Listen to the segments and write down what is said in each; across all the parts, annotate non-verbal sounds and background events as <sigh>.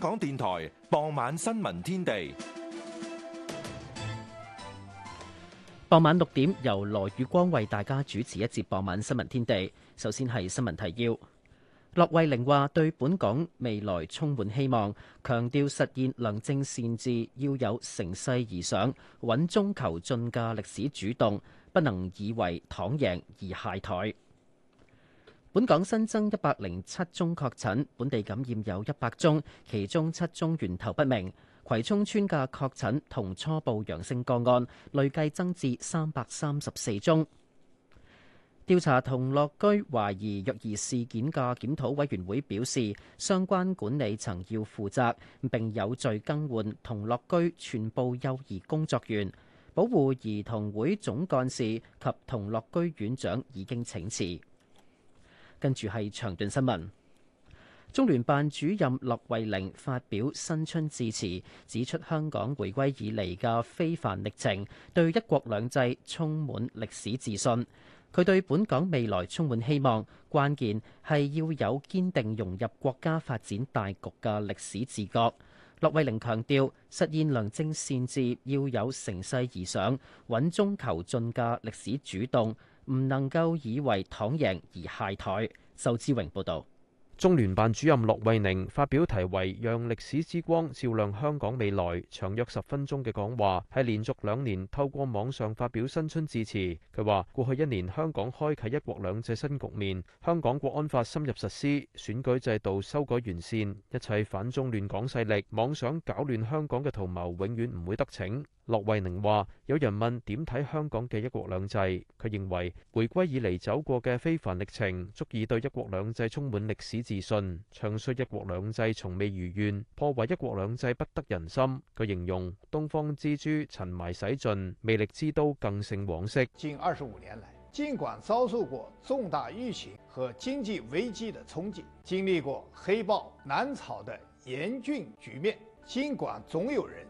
香港電台傍晚新聞天地，傍晚六點由羅宇光為大家主持一節傍晚新聞天地。首先係新聞提要，駱惠寧話對本港未來充滿希望，強調實現良政善治要有乘勢而上、穩中求進嘅歷史主動，不能以為躺贏而懈怠。本港新增一百零七宗確診，本地感染有一百宗，其中七宗源頭不明。葵涌村嘅確診同初步陽性個案累計增至三百三十四宗。調查同樂居懷疑育兒事件嘅檢討委員會表示，相關管理層要負責，並有序更換同樂居全部幼兒工作員，保護兒童會總幹事及同樂居院長已經請辭。跟住係長段新聞，中聯辦主任駱惠寧發表新春致辭，指出香港回歸以嚟嘅非凡歷程，對一國兩制充滿歷史自信。佢對本港未來充滿希望，關鍵係要有堅定融入國家發展大局嘅歷史自覺。駱惠寧強調，實現良政善治要有乘勢而上、穩中求進嘅歷史主動。唔能夠以為躺贏而懈怠。周志榮報道，中聯辦主任駱惠寧發表題為《讓歷史之光照亮香港未來》，長約十分鐘嘅講話，係連續兩年透過網上發表新春致辭。佢話過去一年香港開啟一國兩制新局面，香港國安法深入實施，選舉制度修改完善，一切反中亂港勢力妄想搞亂香港嘅圖謀永遠唔會得逞。駱惠寧話：有人問點睇香港嘅一國兩制，佢認為回歸以嚟走過嘅非凡歷程，足以對一國兩制充滿歷史自信。唱衰一國兩制從未如願，破壞一國兩制不得人心。佢形容東方之珠塵霾洗盡，魅力之都更勝往昔。近二十五年來，盡管遭受過重大疫情和經濟危機嘅衝擊，經歷過黑暴、攬炒的嚴峻局面，盡管總有人。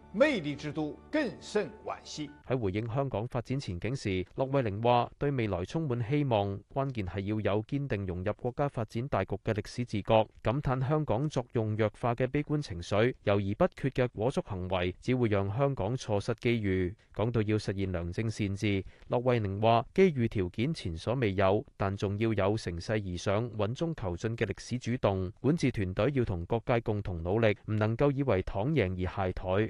魅力之都更甚惋惜。喺回應香港發展前景時，駱惠寧話：對未來充滿希望，關鍵係要有堅定融入國家發展大局嘅歷史自覺。感嘆香港作用弱化嘅悲觀情緒，猶豫不決嘅裹足行為，只會讓香港錯失機遇。講到要實現良政善治，駱惠寧話：機遇條件前所未有，但仲要有乘勢而上、穩中求進嘅歷史主動。管治團隊要同各界共同努力，唔能夠以為躺贏而懈怠。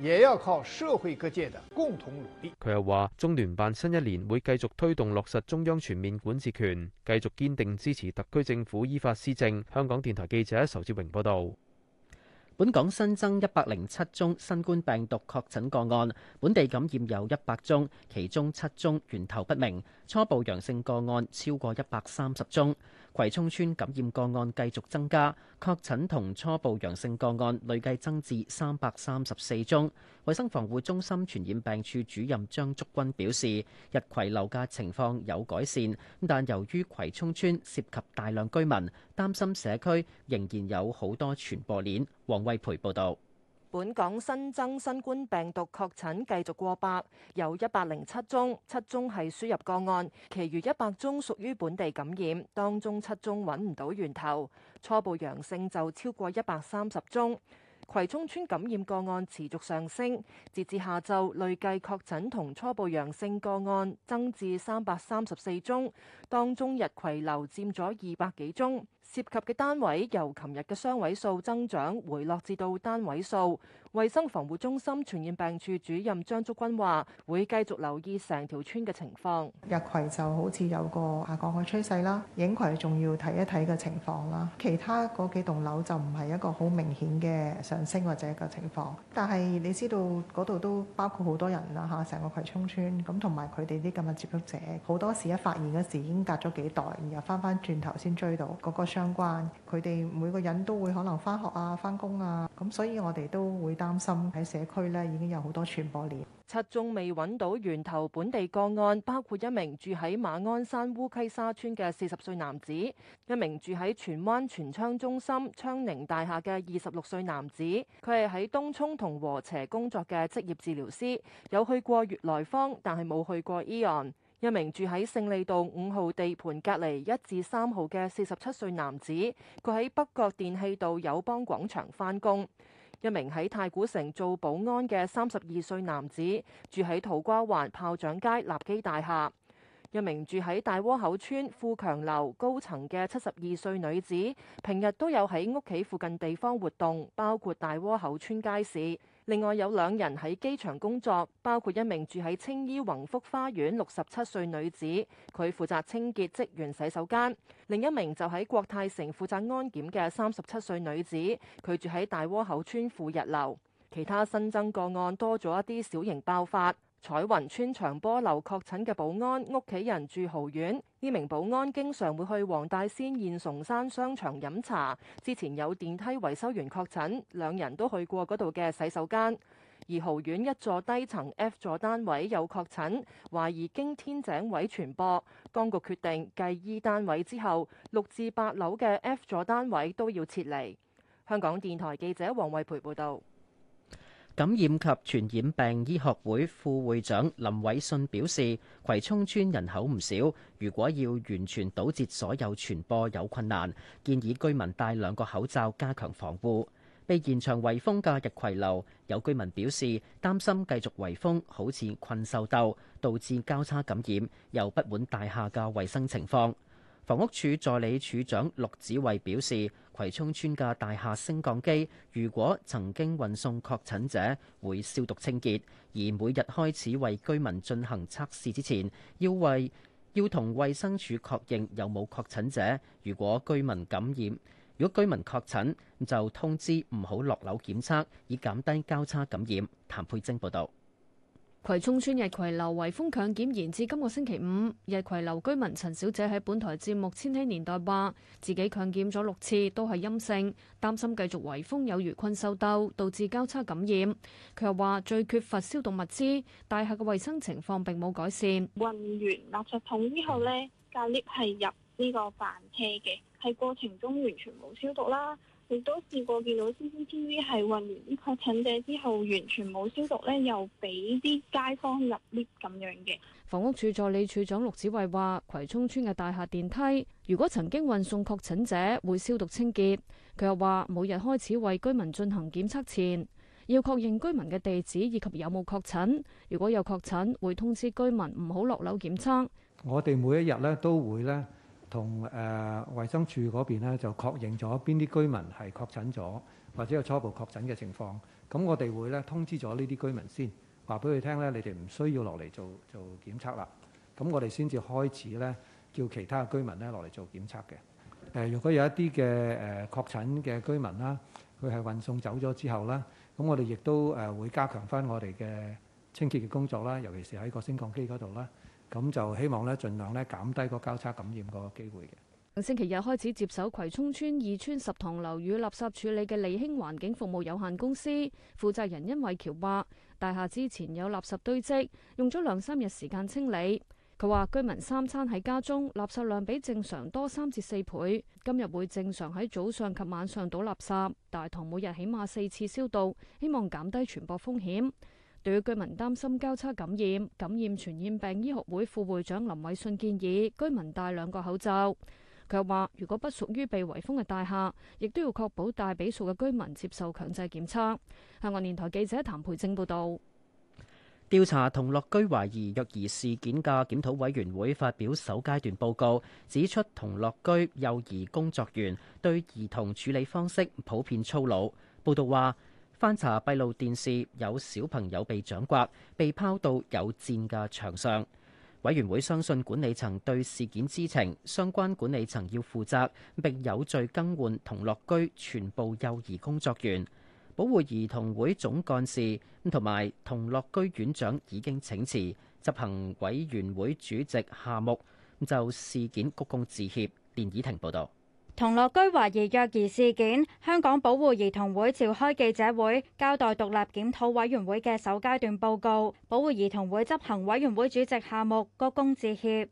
也要靠社會各界的共同努力。佢又話，中聯辦新一年會繼續推動落實中央全面管治權，繼續堅定支持特區政府依法施政。香港電台記者仇志榮報道。本港新增一百零七宗新冠病毒確診個案，本地感染有一百宗，其中七宗源頭不明，初步陽性個案超過一百三十宗。葵涌村感染個案繼續增加，確診同初步陽性個案累計增至三百三十四宗。衛生防護中心傳染病處主任張竹君表示，日葵樓嘅情況有改善，但由於葵涌村涉及大量居民，擔心社區仍然有好多傳播鏈，黃惠培報道。本港新增新冠病毒確診繼續過百，有一百零七宗，七宗係輸入個案，其餘一百宗屬於本地感染，當中七宗揾唔到源頭，初步陽性就超過一百三十宗。葵涌村感染個案持續上升，截至下晝累計確診同初步陽性個案增至三百三十四宗，當中日葵流占咗二百幾宗。涉及嘅單位由琴日嘅雙位數增長回落至到單位數。衞生防護中心傳染病處主任張竹君話，會繼續留意成條村嘅情況。日葵就好似有個下降嘅趨勢啦，影葵仲要睇一睇嘅情況啦。其他嗰幾棟樓就唔係一個好明顯嘅上升或者一個情況。但係你知道嗰度都包括好多人啦嚇，成個葵涌村咁，同埋佢哋啲咁嘅接觸者，好多時一發現嗰時已經隔咗幾代，然後翻翻轉頭先追到嗰個商。相關，佢哋每個人都會可能翻學啊、翻工啊，咁所以我哋都會擔心喺社區呢已經有好多傳播鏈。七宗未揾到源頭本地個案，包括一名住喺馬鞍山烏溪沙村嘅四十歲男子，一名住喺荃灣荃昌中心昌寧大廈嘅二十六歲男子，佢係喺東涌同和斜工作嘅職業治療師，有去過悅來坊，但係冇去過醫、e、案。一名住喺勝利道五號地盤隔離一至三號嘅四十七歲男子，佢喺北角電器道友邦廣場返工；一名喺太古城做保安嘅三十二歲男子，住喺土瓜灣炮仗街立基大廈；一名住喺大窩口村富強樓高層嘅七十二歲女子，平日都有喺屋企附近地方活動，包括大窩口村街市。另外有兩人喺機場工作，包括一名住喺青衣宏福花園六十七歲女子，佢負責清潔職員洗手間；另一名就喺國泰城負責安檢嘅三十七歲女子，佢住喺大窩口村富日樓。其他新增個案多咗一啲小型爆發。彩雲村長波樓確診嘅保安，屋企人住豪苑。呢名保安經常會去黃大仙現崇山商場飲茶。之前有電梯維修員確診，兩人都去過嗰度嘅洗手間，而豪苑一座低層 F 座單位有確診，懷疑經天井位傳播。當局決定繼 E 單位之後六至八樓嘅 F 座單位都要撤離，香港電台記者黃慧培報道。感染及傳染病醫學會副會長林偉信表示，葵涌村人口唔少，如果要完全堵截所有傳播有困難，建議居民戴兩個口罩加強防護，被現場圍封嘅日葵流，有居民表示擔心繼續圍封好似困獸鬥導致交叉感染，又不滿大廈嘅衛生情況，房屋署助理署長陸子慧表示。葵涌村嘅大廈升降機，如果曾經運送確診者，會消毒清潔；而每日開始為居民進行測試之前，要為要同衛生署確認有冇確診者。如果居民感染，如果居民確診，就通知唔好落樓檢測，以減低交叉感染。譚佩晶報道。葵涌村日葵樓圍封強檢延至今個星期五。日葵樓居民陳小姐喺本台節目《千禧年代》話，自己強檢咗六次都係陰性，擔心繼續圍封有如困獸鬥，導致交叉感染。佢又話最缺乏消毒物資，大廈嘅衛生情況並冇改善。運完垃圾桶之後呢，隔 lift 係入呢個飯車嘅，喺過程中完全冇消毒啦。亦都試過見到 CCTV 係運完啲確診者之後，完全冇消毒呢，又俾啲街坊入 lift 咁樣嘅。房屋署助理署長陸子慧話：葵涌村嘅大廈電梯，如果曾經運送確診者，會消毒清潔。佢又話：每日開始為居民進行檢測前，要確認居民嘅地址以及有冇確診。如果有確診，會通知居民唔好落樓檢測。我哋每一日呢，都會呢。同誒、呃、衛生署嗰邊咧就確認咗邊啲居民係確診咗，或者有初步確診嘅情況。咁我哋會咧通知咗呢啲居民先，話俾佢聽咧，你哋唔需要落嚟做做檢測啦。咁我哋先至開始咧，叫其他嘅居民咧落嚟做檢測嘅。誒、呃，如果有一啲嘅誒確診嘅居民啦，佢係運送走咗之後啦，咁我哋亦都誒會加強翻我哋嘅清潔嘅工作啦，尤其是喺個升降機嗰度啦。咁就希望咧，儘量咧減低個交叉感染個機會嘅。星期日開始接手葵涌村二村十塘樓宇垃圾處理嘅利興環境服務有限公司負責人殷惠橋話：大廈之前有垃圾堆積，用咗兩三日時間清理。佢話居民三餐喺家中，垃圾量比正常多三至四倍。今日會正常喺早上及晚上倒垃圾。大堂每日起碼四次消毒，希望減低傳播風險。對於居民擔心交叉感染、感染傳染病，醫學會副會長林偉信建議居民戴兩個口罩。佢又話，如果不屬於被圍封嘅大廈，亦都要確保大比數嘅居民接受強制檢測。香港電台記者譚培正報導。調查同樂居懷疑虐兒事件嘅檢討委員會發表首階段報告，指出同樂居幼兒工作員對兒童處理方式普遍粗魯。報導話，翻查閉路電視，有小朋友被掌摑，被拋到有箭嘅牆上。委員會相信管理層對事件知情，相關管理層要負責，並有序更換同樂居全部幼兒工作員。保護兒童會總幹事同埋同樂居院長已經請辭，執行委員會主席夏木就事件鞠躬致歉。連倚婷報道。同樂居懷疑虐兒事件，香港保護兒童會召開記者會，交代獨立檢討委員會嘅首階段報告。保護兒童會執行委員會主席夏目，鞠躬致歉。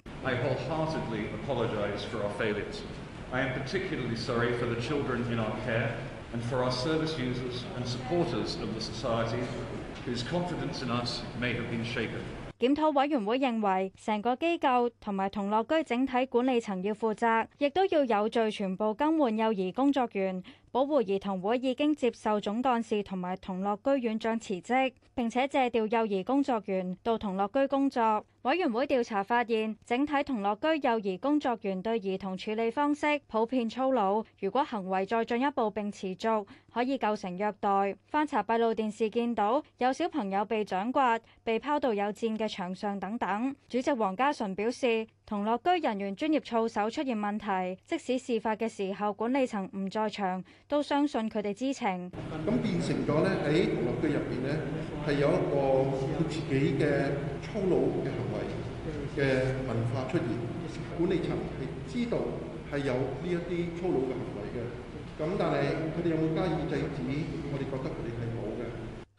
檢討委員會認為，成個機構同埋同樂居整體管理層要負責，亦都要有序全部更換幼兒工作員。保護兒童會已經接受總幹事同埋同樂居院長辭職，並且借調幼兒工作員到同樂居工作。委員會調查發現，整體童樂居幼兒工作員對兒童處理方式普遍粗魯。如果行為再進一步並持續，可以構成虐待。翻查閉路電視，見到有小朋友被掌摑、被拋到有箭嘅牆上等等。主席黃嘉純表示，童樂居人員專業操守出現問題，即使事發嘅時候管理層唔在場，都相信佢哋知情。咁變成咗呢，喺童樂居入邊呢，係有一個佢自己嘅粗魯嘅行嘅文化出現，管理層係知道係有呢一啲粗魯嘅行為嘅，咁但係佢哋有冇加以制止？我哋覺得佢哋。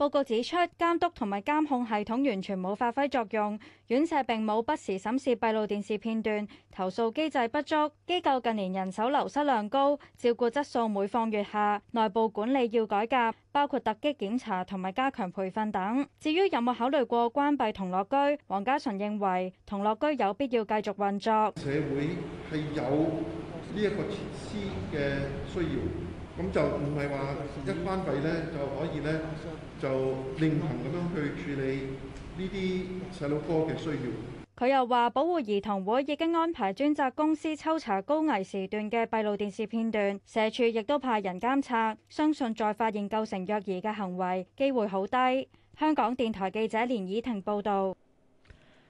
報告指出，監督同埋監控系統完全冇發揮作用，院舍並冇不時審視閉路電視片段，投訴機制不足，機構近年人手流失量高，照顧質素每況愈下，內部管理要改革，包括突擊檢查同埋加強培訓等。至於有冇考慮過關閉同樂居？黃家純認為同樂居有必要繼續運作，社會係有呢一個設施嘅需要。咁就唔係話一關閉呢，就可以呢，就另行咁樣去處理呢啲細路哥嘅需要。佢又話：保護兒童會已經安排專責公司抽查高危時段嘅閉路電視片段，社署亦都派人監察，相信再發現構成虐兒嘅行為機會好低。香港電台記者連以婷報導。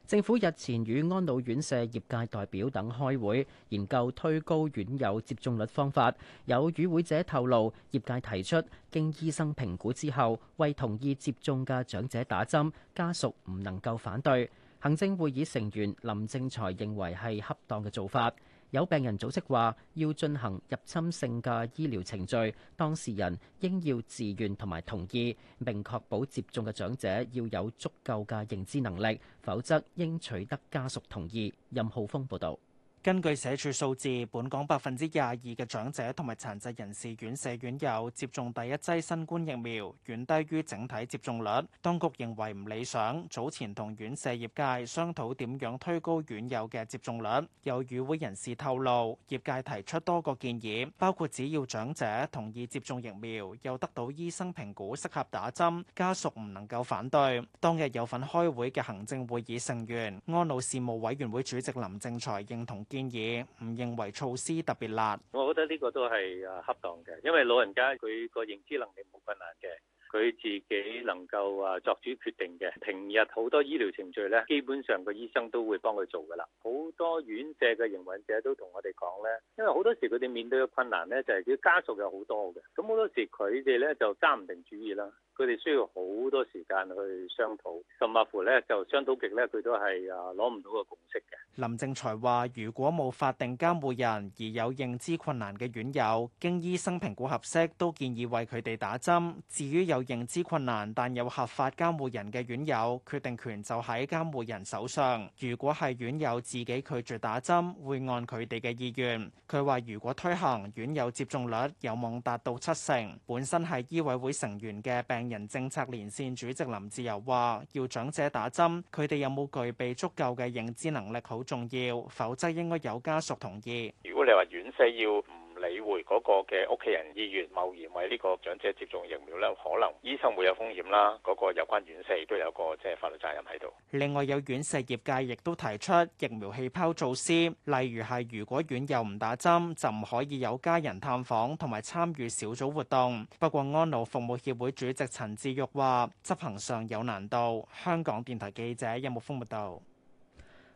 政府日前與安老院舍業界代表等開會，研究推高院友接種率方法。有與會者透露，業界提出，經醫生評估之後，為同意接種嘅長者打針，家屬唔能夠反對。行政會議成員林正財認為係恰當嘅做法。有病人組織話，要進行入侵性嘅醫療程序，當事人應要自願同埋同意，並確保接種嘅長者要有足夠嘅認知能力，否則應取得家屬同意。任浩峰報導。根據社署數字，本港百分之廿二嘅長者同埋殘疾人士院舍院友接種第一劑新冠疫苗，遠低於整體接種率。當局認為唔理想，早前同院舍業界商討點樣推高院友嘅接種率。有與會人士透露，業界提出多個建議，包括只要長者同意接種疫苗，又得到醫生評估適合打針，家屬唔能夠反對。當日有份開會嘅行政會議成員，安老事務委員會主席林正財認同。建議唔認為措施特別辣，我覺得呢個都係誒恰當嘅，因為老人家佢個認知能力冇困難嘅。佢自己能夠啊作主決定嘅，平日好多醫療程序咧，基本上個醫生都會幫佢做噶啦。好多院舍嘅營運者都同我哋講咧，因為好多時佢哋面對嘅困難咧，就係佢家屬有好多嘅，咁好多時佢哋咧就揸唔定主意啦。佢哋需要好多時間去商討，甚或乎咧就商討極咧，佢都係啊攞唔到個共識嘅。林正財話，如果冇法定監護人而有認知困難嘅院友，經醫生評估合適，都建議為佢哋打針。至於有認知困難但有合法監護人嘅院友，決定權就喺監護人手上。如果係院友自己拒絕打針，會按佢哋嘅意願。佢話如果推行，院友接種率有望達到七成。本身係醫委會成員嘅病人政策連線主席林志友話，要長者打針，佢哋有冇具備足夠嘅認知能力好重要，否則應該有家屬同意。如果你話院舍要理會嗰個嘅屋企人意願，貿然為呢個長者接種疫苗咧，可能醫生會有風險啦。嗰個有關院舍亦都有個即係法律責任喺度。另外，有院舍業界亦都提出疫苗氣泡措施，例如係如果院友唔打針就唔可以有家人探訪同埋參與小組活動。不過安老服務協會主席陳志玉話，執行上有難度。香港電台記者任木豐報道。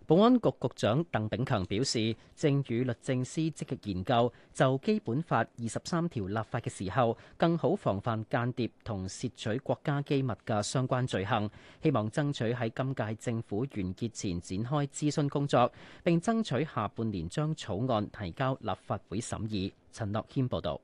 保安局局長鄧炳強表示，正與律政司積極研究就《基本法》二十三條立法嘅時候，更好防範間諜同竊取國家機密嘅相關罪行，希望爭取喺今屆政府完結前展開諮詢工作，並爭取下半年將草案提交立法會審議。陳樂謙報道。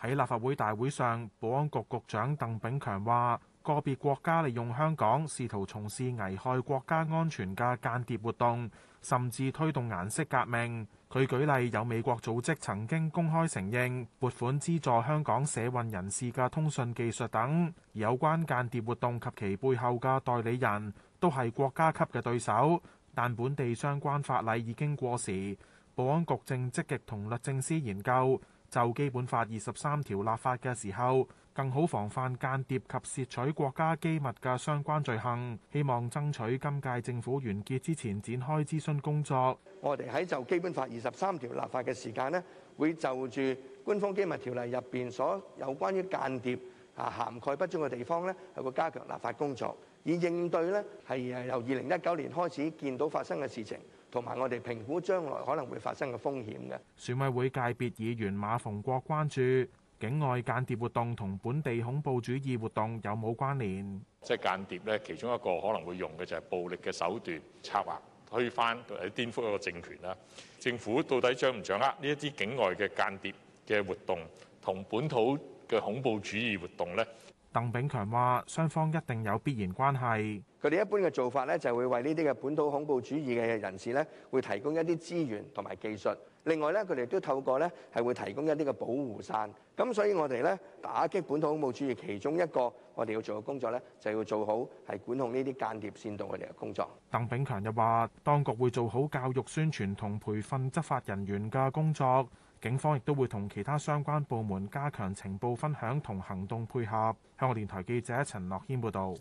喺立法會大會上，保安局局長鄧炳強話。個別國家利用香港試圖從事危害國家安全嘅間諜活動，甚至推動顏色革命。佢舉例有美國組織曾經公開承認撥款資助香港社運人士嘅通訊技術等，而有關間諜活動及其背後嘅代理人都係國家級嘅對手。但本地相關法例已經過時，保安局正積極同律政司研究就基本法二十三條立法嘅時候，更好防範間諜及竊取國家機密嘅相關罪行，希望爭取今屆政府完結之前展開諮詢工作。我哋喺就《基本法》二十三條立法嘅時間咧，會就住《官方機密條例》入邊所有關於間諜啊、涵蓋不足嘅地方咧，有個加強立法工作，以應對咧係誒由二零一九年開始見到發生嘅事情，同埋我哋評估將來可能會發生嘅風險嘅。選委會界別議員馬逢國關注。境外間諜活動同本地恐怖主義活動有冇關聯？即係間諜咧，其中一個可能會用嘅就係暴力嘅手段策劃推翻或者顛覆一個政權啦。政府到底掌唔掌握呢一啲境外嘅間諜嘅活動同本土嘅恐怖主義活動咧？鄧炳強話：雙方一定有必然關係。佢哋一般嘅做法咧，就會為呢啲嘅本土恐怖主義嘅人士咧，會提供一啲資源同埋技術。另外咧，佢哋都透過咧，係會提供一啲嘅保護傘。咁所以我哋咧，打擊本土恐怖主義其中一個我哋要做嘅工作咧，就要做好係管控呢啲間諜煽動人嘅工作。鄧炳強又話：當局會做好教育宣傳同培訓執法人員嘅工作。警方亦都會同其他相關部門加強情報分享同行動配合。香港電台記者陳樂軒報導。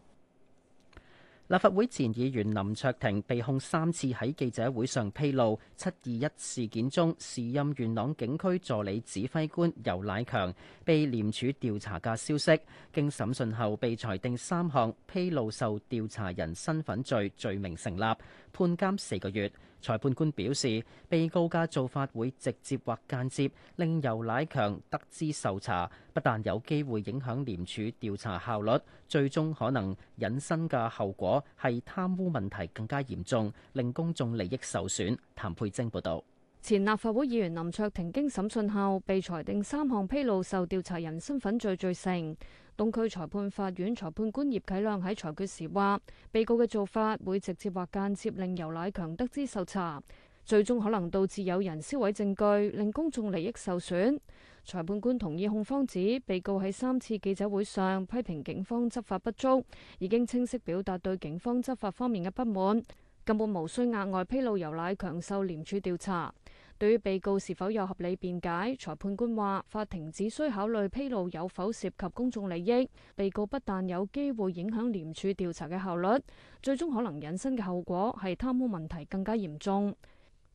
立法會前議員林卓廷被控三次喺記者會上披露七二一事件中時任元朗警區助理指揮官游乃強被廉署調查嘅消息，經審訊後被裁定三項披露受調查人身份罪罪名成立，判監四個月。裁判官表示，被告嘅做法會直接或間接令尤乃強得知受查，不但有機會影響廉署調查效率，最終可能引申嘅後果係貪污問題更加嚴重，令公眾利益受損。譚佩貞報道。前立法會議員林卓廷經審訊後被裁定三項披露受調查人身份罪罪成。東區裁判法院裁判官葉啟亮喺裁決時話：被告嘅做法會直接或間接令游乃強得知受查，最終可能導致有人銷毀證據，令公眾利益受損。裁判官同意控方指被告喺三次記者會上批評警方執法不足，已經清晰表達對警方執法方面嘅不滿。根本無需額外披露油奶強受廉署調查。對於被告是否有合理辯解，裁判官話：法庭只需考慮披露有否涉及公眾利益。被告不但有機會影響廉署調查嘅效率，最終可能引申嘅後果係貪污問題更加嚴重。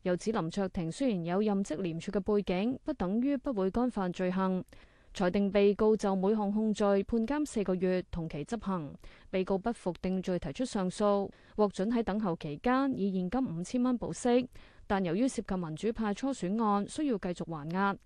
由此，林卓廷雖然有任職廉署嘅背景，不等於不會幹犯罪行。裁定被告就每項控罪判監四個月，同期執行。被告不服定罪提出上訴，獲准喺等候期間以現金五千蚊保釋，但由於涉及民主派初選案，需要繼續還押。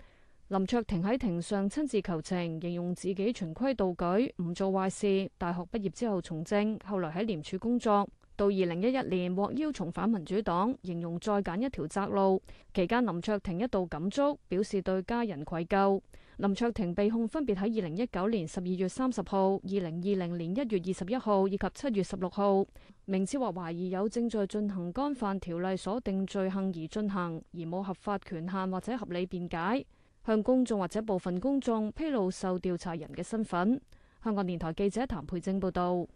林卓廷喺庭上親自求情，形容自己循規蹈矩，唔做壞事。大學畢業之後從政，後來喺廉署工作，到二零一一年獲邀重返民主黨，形容再揀一條窄路。期間，林卓廷一度感觸，表示對家人愧疚。林卓廷被控分別喺二零一九年十二月三十號、二零二零年一月二十一號以及七月十六號，明知或懷疑有正在進行干犯條例所定罪行而進行，而冇合法權限或者合理辯解，向公眾或者部分公眾披露受調查人嘅身份。香港電台記者譚佩貞報導。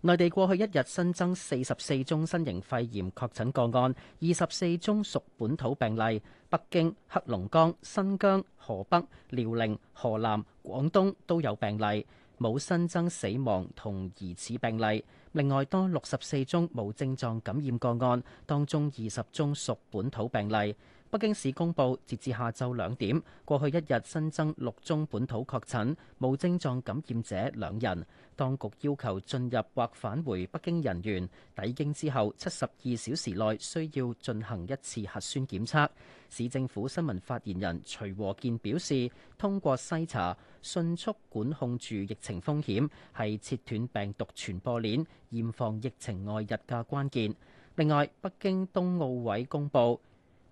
內地過去一日新增四十四宗新型肺炎確診個案，二十四宗屬本土病例，北京、黑龍江、新疆、河北、遼寧、河南、廣東都有病例，冇新增死亡同疑似病例。另外多六十四宗無症狀感染個案，當中二十宗屬本土病例。北京市公布，截至下晝兩點，過去一日新增六宗本土確診，無症狀感染者兩人。當局要求進入或返回北京人員抵京之後七十二小時內需要進行一次核酸檢測。市政府新聞發言人徐和建表示，通過篩查，迅速管控住疫情風險，係切斷病毒傳播鏈、嚴防疫情外溢嘅關鍵。另外，北京冬奧委公布。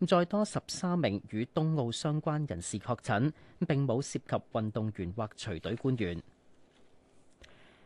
再多十三名與東奧相關人士確診，並冇涉及運動員或隨隊官員。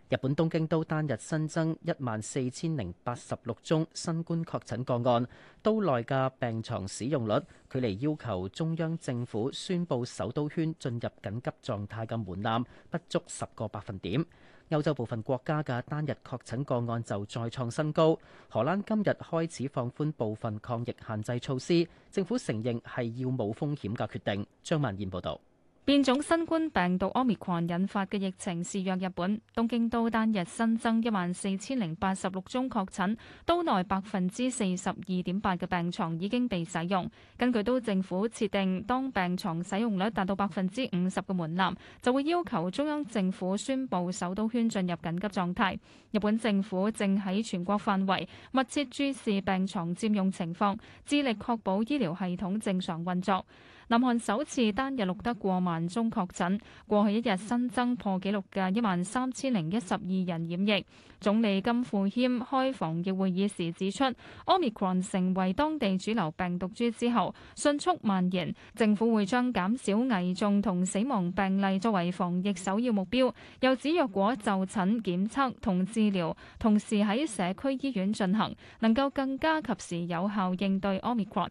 日本東京都單日新增一萬四千零八十六宗新冠確診個案，都內嘅病床使用率距離要求中央政府宣布首都圈進入緊急狀態嘅門檻不足十個百分點。歐洲部分國家嘅單日確診個案就再創新高。荷蘭今日開始放寬部分抗疫限制措施，政府承認係要冒風險嘅決定。張曼燕報導。變種新冠病毒 Omicron 引發嘅疫情肆虐日本，東京都單日新增一萬四千零八十六宗確診，都內百分之四十二點八嘅病床已經被使用。根據都政府設定，當病床使用率達到百分之五十嘅門檻，就會要求中央政府宣布首都圈進入緊急狀態。日本政府正喺全國範圍密切注視病床佔用情況，致力確保醫療系統正常運作。南韓首次單日錄得過萬宗確診，過去一日新增破紀錄嘅一萬三千零一十二人染疫。總理金富謙開防疫會議時指出，Omicron 成為當地主流病毒株之後，迅速蔓延。政府會將減少危重同死亡病例作為防疫首要目標，又指若果就診檢測同治療同時喺社區醫院進行，能夠更加及時有效應對 Omicron。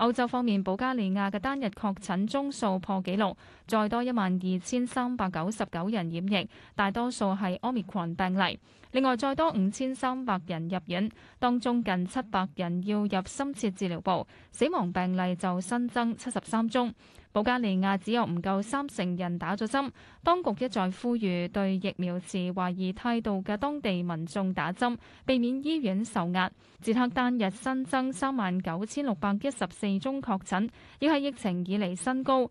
歐洲方面，保加利亞嘅單日確診宗數破紀錄。再多一萬二千三百九十九人染疫，大多數係 omicron 病例。另外，再多五千三百人入院，當中近七百人要入深切治療部。死亡病例就新增七十三宗。保加利亞只有唔夠三成人打咗針，當局一再呼籲對疫苗持懷疑態度嘅當地民眾打針，避免醫院受壓。捷克單日新增三萬九千六百一十四宗確診，亦係疫情以嚟新高。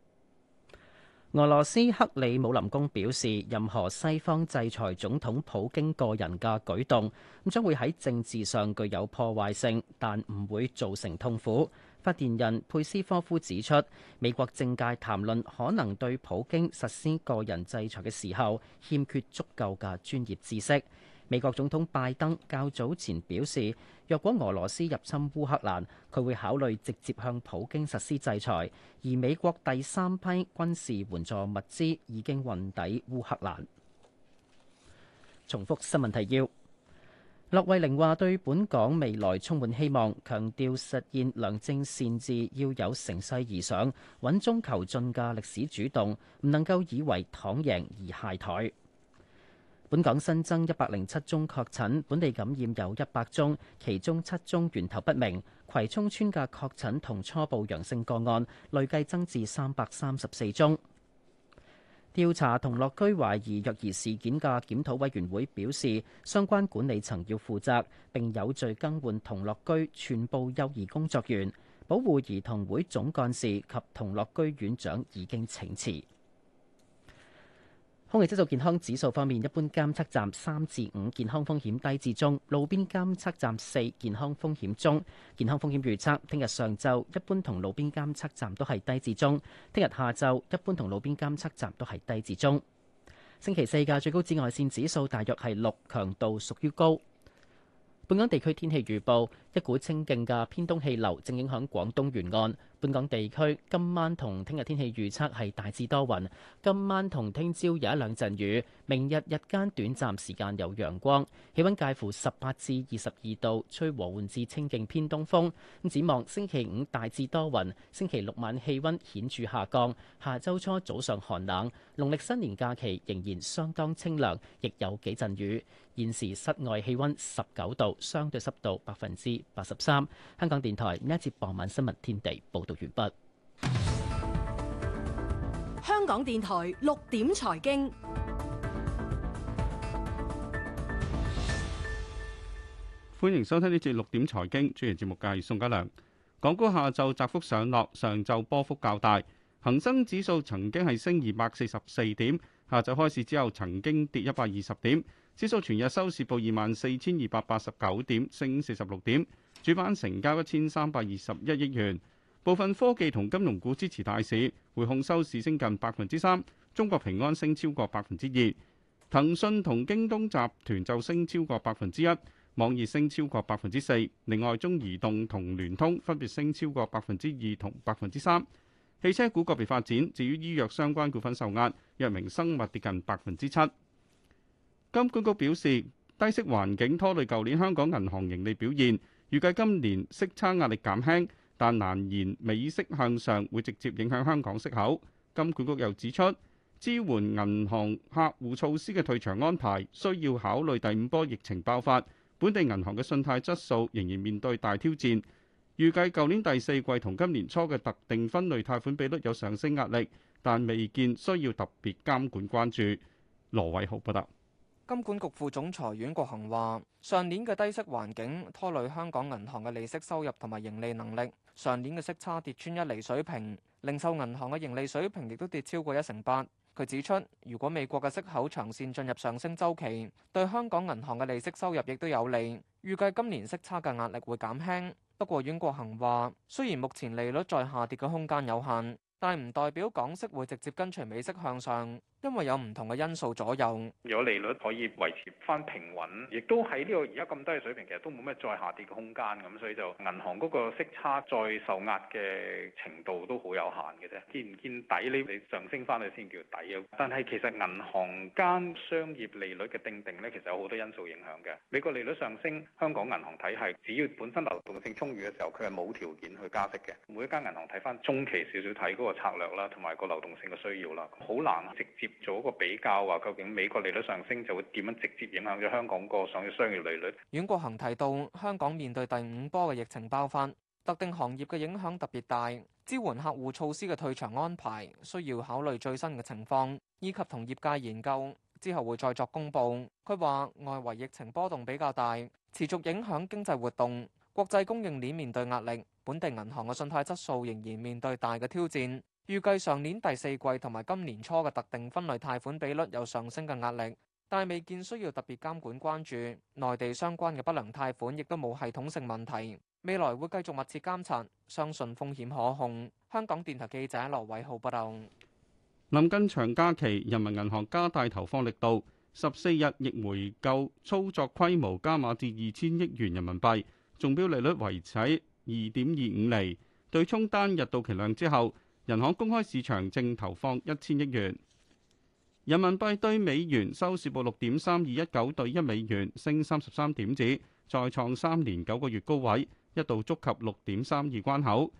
俄羅斯克里姆林宮表示，任何西方制裁總統普京個人嘅舉動，咁將會喺政治上具有破壞性，但唔會造成痛苦。發言人佩斯科夫指出，美國政界談論可能對普京實施個人制裁嘅時候，欠缺足夠嘅專業知識。美國總統拜登較早前表示，若果俄羅斯入侵烏克蘭，佢會考慮直接向普京實施制裁。而美國第三批軍事援助物資已經運抵烏克蘭。重複新聞提要：駱惠寧話對本港未來充滿希望，強調實現良政善治要有乘勢而上、穩中求進嘅歷史主動，唔能夠以為躺贏而懈怠。本港新增一百零七宗確診，本地感染有一百宗，其中七宗源頭不明。葵涌村嘅確診同初步陽性個案累計增至三百三十四宗。調查同樂居懷疑虐兒事件嘅檢討委員會表示，相關管理層要負責，並有序更換同樂居全部幼兒工作員，保護兒童會總幹事及同樂居院長已經請辭。空氣質素健康指數方面，一般監測站三至五，健康風險低至中；路邊監測站四，健康風險中。健康風險預測：聽日上晝一般同路邊監測站都係低至中；聽日下晝一般同路邊監測站都係低至中。星期四嘅最高紫外線指數大約係六，強度屬於高。本港地區天氣預報。一股清勁嘅偏東氣流正影響廣東沿岸，本港地區今晚同聽日天氣預測係大致多雲，今晚同聽朝有一兩陣雨，明日日間短暫時間有陽光，氣溫介乎十八至二十二度，吹和緩至清勁偏東風，咁展望星期五大致多雲，星期六晚氣溫顯著下降，下周初早上寒冷，農曆新年假期仍然相當清涼，亦有幾陣雨。現時室外氣溫十九度，相對濕度百分之。八十三，香港電台呢一節傍晚新聞天地報道完畢。香港電台六點財經， <music> 歡迎收聽呢節六點財經。主持節目嘅係宋家良。港股下晝窄幅上落，上晝波幅較大。恒生指數曾經係升二百四十四點，下晝開市之後曾經跌一百二十點。指數全日收市報二萬四千二百八十九點，升四十六點。主板成交一千三百二十一億元。部分科技同金融股支持大市，匯控收市升近百分之三，中國平安升超過百分之二，騰訊同京東集團就升超過百分之一，網易升超過百分之四。另外，中移動同聯通分別升超過百分之二同百分之三。汽車股個別發展，至於醫藥相關股份受壓，藥明生物跌近百分之七。金管局表示，低息環境拖累舊年香港銀行盈利表現，預計今年息差壓力減輕，但難言美息向上會直接影響香港息口。金管局又指出，支援銀行客戶措施嘅退場安排需要考慮第五波疫情爆發，本地銀行嘅信貸質素仍然面對大挑戰。預計舊年第四季同今年初嘅特定分類貸款比率有上升壓力，但未見需要特別監管關注。羅偉豪報道。金管局副總裁阮國恒話：上年嘅低息環境拖累香港銀行嘅利息收入同埋盈利能力，上年嘅息差跌穿一厘水平，零售銀行嘅盈利水平亦都跌超過一成八。佢指出，如果美國嘅息口長線進入上升周期，對香港銀行嘅利息收入亦都有利，預計今年息差嘅壓力會減輕。不過阮國恒話：雖然目前利率再下跌嘅空間有限，但唔代表港息會直接跟隨美息向上。因為有唔同嘅因素左右，如果利率可以維持翻平穩，亦都喺呢個而家咁低嘅水平，其實都冇咩再下跌嘅空間咁，所以就銀行嗰個息差再受壓嘅程度都好有限嘅啫。見唔見底你上升翻去先叫底啊？但係其實銀行間商業利率嘅定定咧，其實有好多因素影響嘅。美國利率上升，香港銀行體系只要本身流動性充裕嘅時候，佢係冇條件去加息嘅。每一間銀行睇翻中期少少睇嗰個策略啦，同埋個流動性嘅需要啦，好難直接。做一個比較話，究竟美國利率上升就會點樣直接影響咗香港個上嘅商業利率？阮國恒提到，香港面對第五波嘅疫情爆發，特定行業嘅影響特別大，支援客戶措施嘅退場安排需要考慮最新嘅情況，以及同業界研究之後會再作公佈。佢話：外圍疫情波動比較大，持續影響經濟活動，國際供應鏈面對壓力，本地銀行嘅信貸質素仍然面對大嘅挑戰。預計上年第四季同埋今年初嘅特定分類貸款比率有上升嘅壓力，但未見需要特別監管關注。內地相關嘅不良貸款亦都冇系統性問題，未來會繼續密切監察，相信風險可控。香港電台記者羅偉浩報道。臨近長假期，人民銀行加大投放力度，十四日逆回購操作規模加碼至二千億元人民幣，中標利率維持二點二五厘，對沖單日到期量之後。人行公開市場淨投放一千億元。人民幣對美元收市報六點三二一九對一美元，升三十三點子，再創三年九個月高位，一度觸及六點三二關口。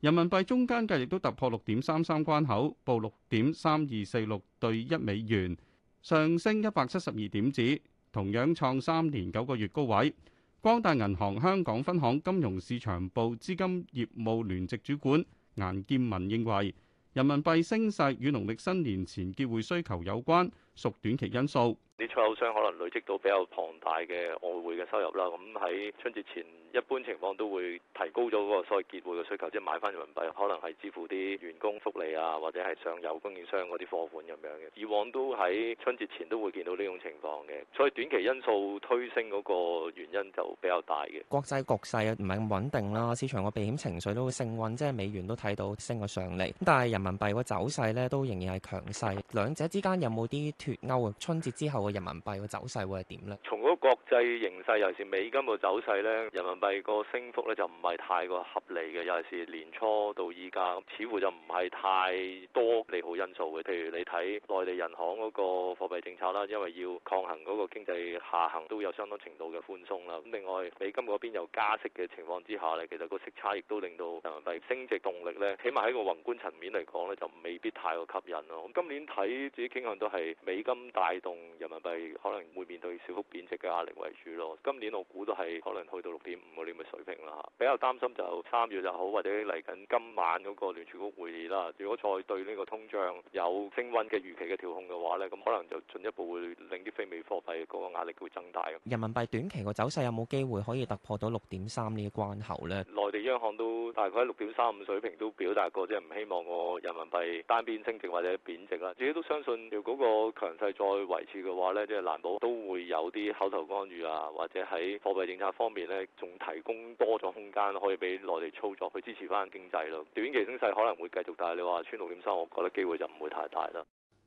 人民幣中間價亦都突破六點三三關口，報六點三二四六對一美元，上升一百七十二點子，同樣創三年九個月高位。光大銀行香港分行金融市場部資金業務聯席主管。顏建文認為，人民幣升勢與農曆新年前結匯需求有關，屬短期因素。啲出口商可能累積到比較龐大嘅外匯嘅收入啦，咁、嗯、喺春節前一般情況都會提高咗個所謂結匯嘅需求，即係買翻人民幣，可能係支付啲員工福利啊，或者係上游供應商嗰啲貨款咁樣嘅。以往都喺春節前都會見到呢種情況嘅，所以短期因素推升嗰個原因就比較大嘅。國際局勢唔係咁穩定啦，市場個避險情緒都會升温，即係美元都睇到升咗上嚟，但係人民幣個走勢咧都仍然係強勢，兩者之間有冇啲脫鈎春節之後？人民幣嘅走勢會係點咧？從嗰個國際形勢，尤其是美金個走勢咧，人民幣個升幅咧就唔係太過合理嘅。尤其是年初到依家，似乎就唔係太多利好因素嘅。譬如你睇內地銀行嗰個貨幣政策啦，因為要抗衡嗰個經濟下行，都有相當程度嘅寬鬆啦。咁另外，美金嗰邊有加息嘅情況之下咧，其實個息差亦都令到人民幣升值動力咧，起碼喺個宏觀層面嚟講咧，就未必太過吸引咯。咁今年睇自己傾向都係美金帶動人民。幣可能會面對小幅貶值嘅壓力為主咯。今年我估都係可能去到六點五嗰啲嘅水平啦。比較擔心就三月就好，或者嚟緊今晚嗰個聯儲局會議啦。如果再對呢個通脹有升溫嘅預期嘅調控嘅話咧，咁可能就進一步會令啲非美貨幣嗰個壓力會增大。人民幣短期嘅走勢有冇機會可以突破到六點三呢個關口呢？內地央行都大概喺六點三五水平都表達過，即係唔希望我人民幣單邊升值或者貶值啦。自己都相信，如果個強勢再維持嘅話，咧即係難保都會有啲口頭干預啊，或者喺貨幣政策方面呢，仲提供多咗空間可以俾內地操作去支持翻經濟咯。短期升勢可能會繼續，但係你話穿六點三，我覺得機會就唔會太大啦。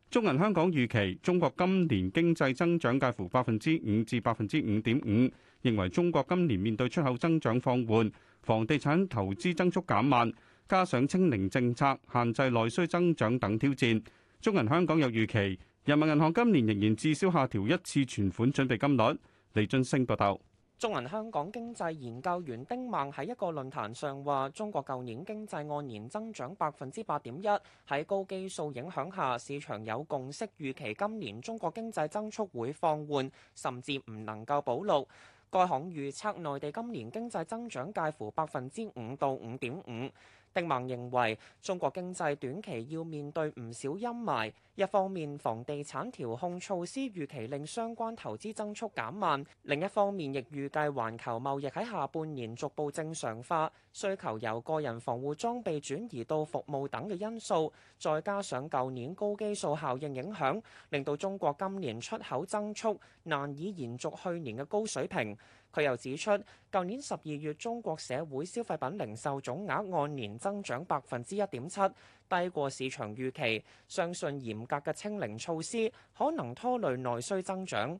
中銀香港預期中國今年經濟增長介乎百分之五至百分之五點五，認為中國今年面對出口增長放緩、房地產投資增速減慢，加上清零政策限制內需增長等挑戰，中銀香港有預期。人民銀行今年仍然至少下調一次存款準備金率。李津升報道。中銀香港經濟研究員丁孟喺一個論壇上話，中國舊年經濟按年增長百分之八點一，喺高基數影響下，市場有共識預期今年中國經濟增速會放緩，甚至唔能夠保六。該行預測內地今年經濟增長介乎百分之五到五點五。丁孟認為，中國經濟短期要面對唔少陰霾，一方面房地產調控措施預期令相關投資增速減慢，另一方面亦預計環球貿易喺下半年逐步正常化，需求由個人防護裝備轉移到服務等嘅因素，再加上舊年高基數效應影響，令到中國今年出口增速難以延續去年嘅高水平。佢又指出，舊年十二月中國社會消費品零售總額按年增長百分之一點七，低過市場預期。相信嚴格嘅清零措施可能拖累內需增長。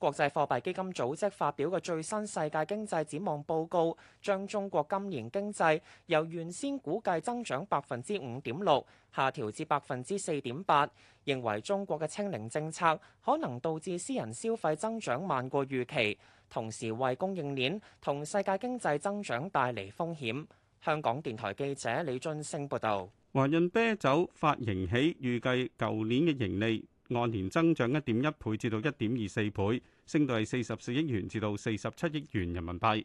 國際貨幣基金組織發表嘅最新世界經濟展望報告，將中國今年經濟由原先估計增長百分之五點六，下調至百分之四點八，認為中國嘅清零政策可能導致私人消費增長慢過預期，同時為供應鏈同世界經濟增長帶嚟風險。香港電台記者李俊升報導。華潤啤酒發盈喜，預計舊年嘅盈利，按年增長一點一倍至到一點二四倍，升到係四十四億元至到四十七億元人民幣。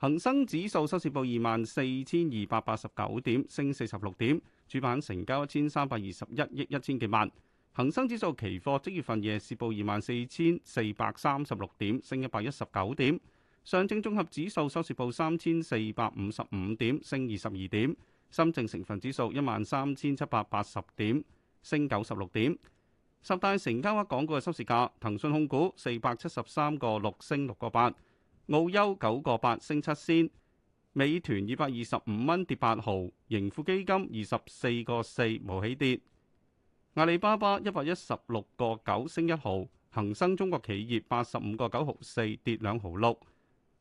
恒生指數收市報二萬四千二百八十九點，升四十六點。主板成交一千三百二十一億一千幾萬。恒生指數期貨即月份夜市報二萬四千四百三十六點，升一百一十九點。上證綜合指數收市報三千四百五十五點，升二十二點。深證成分指數一萬三千七百八十點，升九十六點，十大成交額港股嘅收市價：騰訊控股四百七十三個六升六個八，澳優九個八升七仙，美團二百二十五蚊跌八毫，盈富基金二十四個四冇起跌，阿里巴巴一百一十六個九升一毫，恒生中國企業八十五個九毫四跌兩毫六，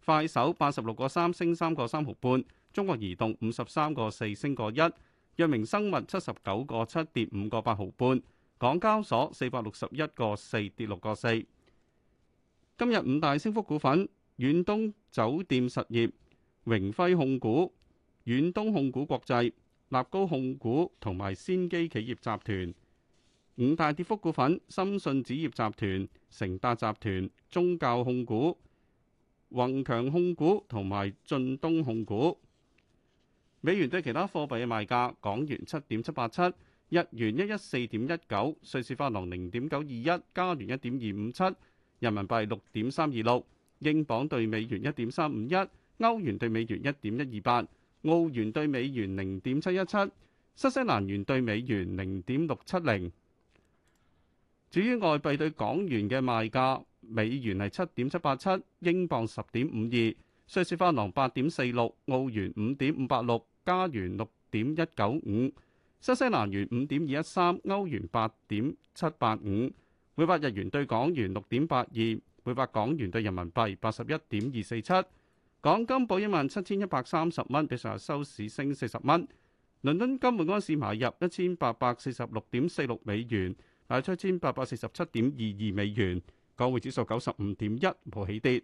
快手八十六個三升三個三毫半，中國移動五十三個四升個一。藥明生物七十九個七跌五個八毫半，港交所四百六十一個四跌六個四。今日五大升幅股份：遠東酒店實業、榮輝控股、遠東控股國際、立高控股同埋先機企業集團。五大跌幅股份：深信紙業集團、成達集團、中教控股、宏強控股同埋晉東控股。美元對其他貨幣嘅賣價：港元七點七八七，日元一一四點一九，瑞士法郎零點九二一，加元一點二五七，人民幣六點三二六，英鎊對美元一點三五一，歐元對美元一點一二八，澳元對美元零點七一七，新西蘭元對美元零點六七零。至於外幣對港元嘅賣價，美元係七點七八七，英鎊十點五二。瑞士法郎八點四六，澳元五點五八六，加元六點一九五，新西蘭元五點二一三，歐元八點七八五，每百日元對港元六點八二，每百港元對人民幣八十一點二四七。港金報一萬七千一百三十蚊，比上日收市升四十蚊。倫敦金每盎司買入一千八百四十六點四六美元，賣出一千八百四十七點二二美元。港匯指數九十五點一，冇起跌。